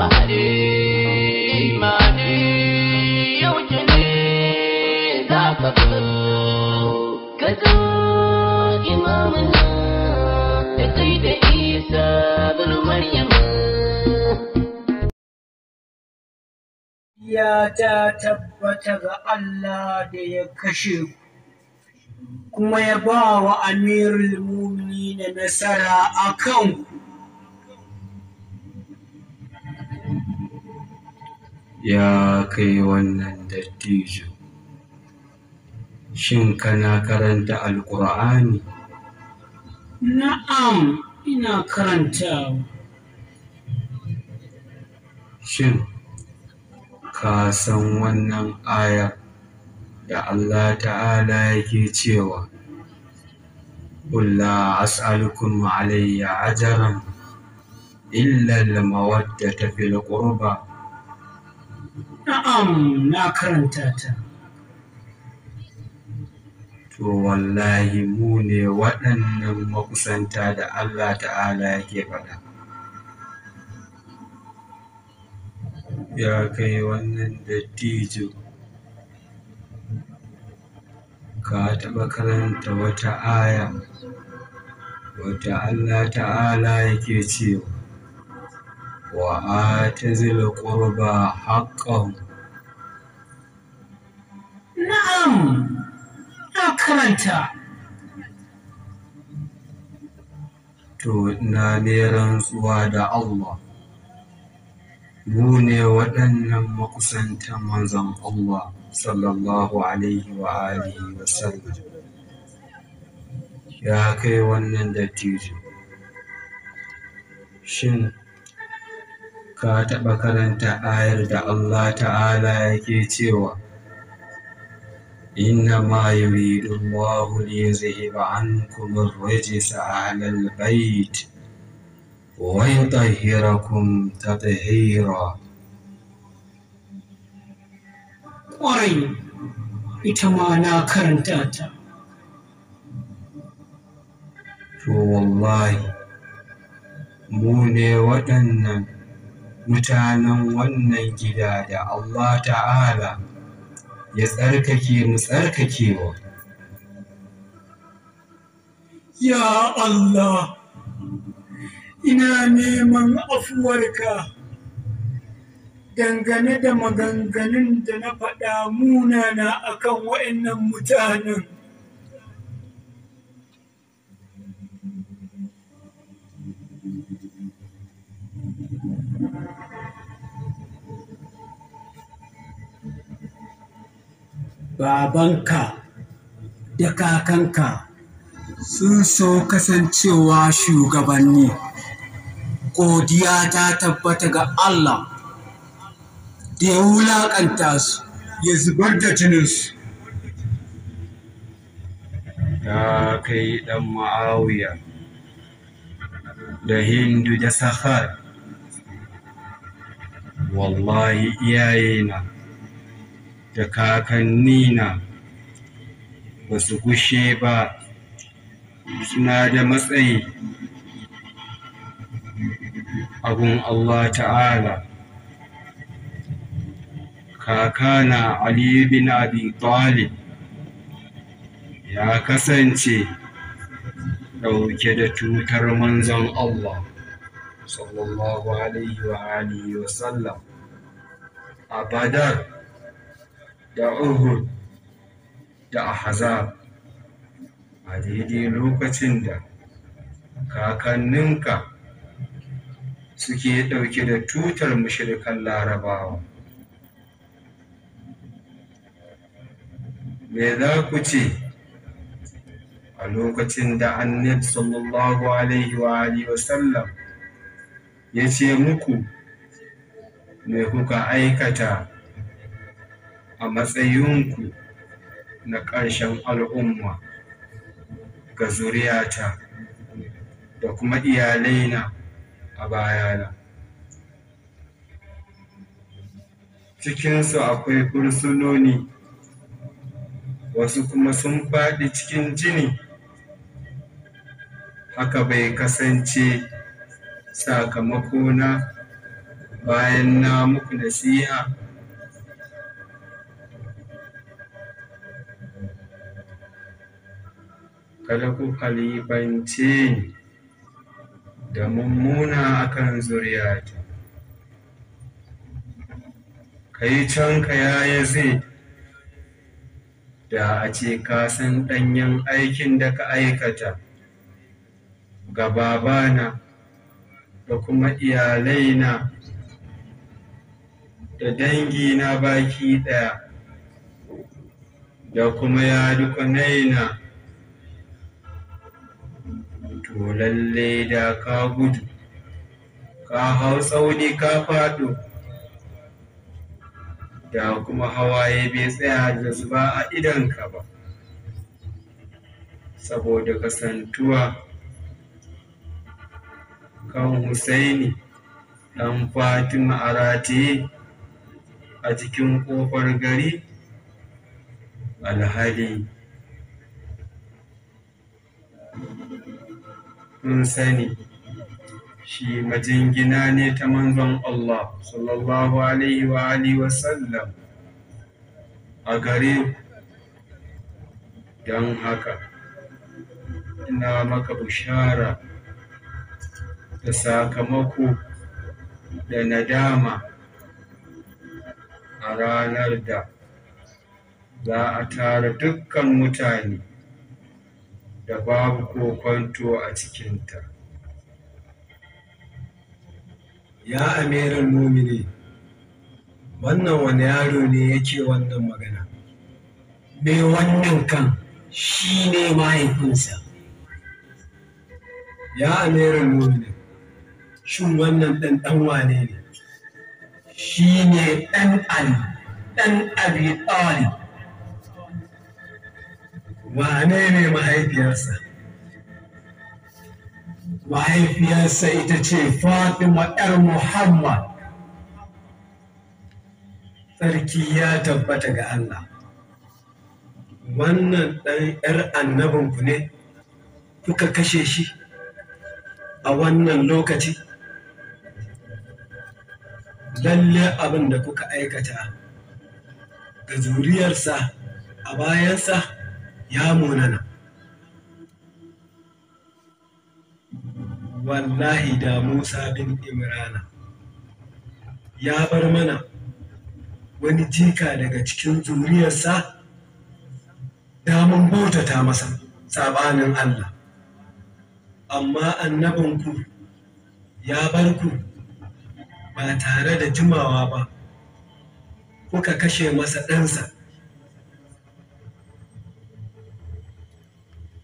mahadi mahadi yauke ne za ka zo ka zo imamuna da kai da isa bin maryam ya ta tabbata ga Allah da ya kashe ku kuma ya bawa wa amirul mumini na nasara a kan ku. Ya kai wannan dattijo, shin kana karanta alkur'ani Na'am, ina karanta. Shin ka san wannan aya da Allah Ta'ala yake cewa, Qul la as'alukum alayya ajran illa da tafi fil qurbah Na'am, na karanta ta. To wallahi mu ne waɗannan makusanta da Allah ta'ala yake faɗa. Ya kai wannan dattijo. Ka taɓa karanta wata aya, wata Allah ta'ala yake cewa. zila القربى حقه na'am na karanta to na ne rantsuwa da Allah mu ne waɗannan makusantan manzan Allah sallallahu alaihi wa alihi wa sallam ya kai wannan dattijo shin ka taɓa karanta ayar da Allah ta'ala yake cewa إنما يريد الله ليذهب عنكم الرجس أهل البيت ويطهركم تطهيرا ƙwarai ita ma na karanta ta to wallahi mu ne waɗannan mutanen wannan gida da Allah ta'ala ya tsarkake mu tsarkakewa ya Allah ina neman afuwarka dangane da maganganun da na faɗa munana akan waɗannan mutanen babanka da kakanka sun so kasancewa shugabanni. Godiya ta tabbata ga Allah da ya wulaƙanta su ya zubar da jininsu. Ya kai ɗan ma'awiya da Hindu da Sahar, wallahi iyayena. da kakannina ba su gushe ba suna da matsayi abun Allah ta'ala kakana Ali bin Abi Talib ya kasance ɗauke da tutar manzon Allah sallallahu alaihi wa alihi wa sallam a Badar da uhud da ahzab a daidai lokacin da kakanninka suke ɗauke da tutar mashirikan larabawa me za ku ce a lokacin da annabi sallallahu alaihi wa alihi wasallam ya ce muku me kuka aikata a matsayinku na ƙarshen al'umma ga zuriyata da kuma iyalaina a bayana. Cikinsu akwai fursunoni, wasu kuma sun faɗi cikin jini, haka bai kasance sakamakona bayan na muku nasiha. kada ku halifance da mummuna akan ta kai can ka ya yaze. da a ce ka san ɗanyen aikin da ka aikata ga babana da kuma iyalaina da dangi na baki ɗaya da kuma yadukunaina to lalle da ka gudu ka hau tsauni ka faɗo da kuma hawaye bai tsaya da zuba a idonka ba saboda kasantuwa kan Husaini ɗan Fatima a a cikin ƙofar gari alhali mun sani shi majingina ne ta manzon Allah sallallahu alaihi wa alihi wa sallam a gare don haka ina maka bishara da sakamako da nadama a ranar da za a tara dukkan mutane da babu ko kwanto a cikinta ya amiral mumini wannan wani yaro ne yake wannan magana me wannan kan shi ne mahaifinsa ya amiral mumini shin wannan ɗan ɗan wane ne shi ne ɗan abi ɗan abi ɗalib wane ne mahaifiyarsa mahaifiyarsa ita ce fatima yar muhammad tsarki ya tabbata ga allah wannan ɗan yar annabinku ne kuka kashe shi a wannan lokaci lalle abin da kuka aikata ga zuriyarsa a bayansa ya munana wallahi da musa bin imrana ya bar mana wani jika daga cikin zuriyarsa damun bautata masa sabanin allah amma annabinku ya bar ku ba tare da jimawa ba kuka kashe masa ɗansa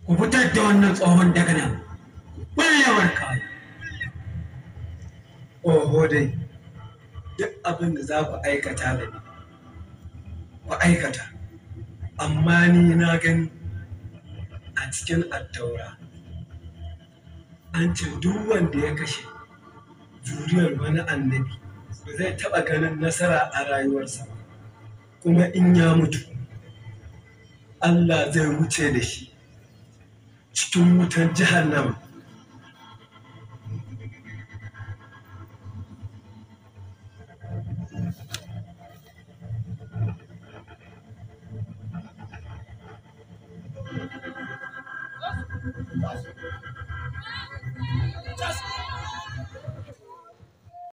ku fitar da wannan tsohon daga nan ɓallewar kawai oho dai duk abin da za ku aikata da ni ku aikata amma ni na gani a cikin addaura an ce duk wanda ya kashe juriyar wani annabi ba zai taɓa ganin nasara a rayuwarsa kuma in ya mutu Allah zai wuce da shi cikin wutar jahannama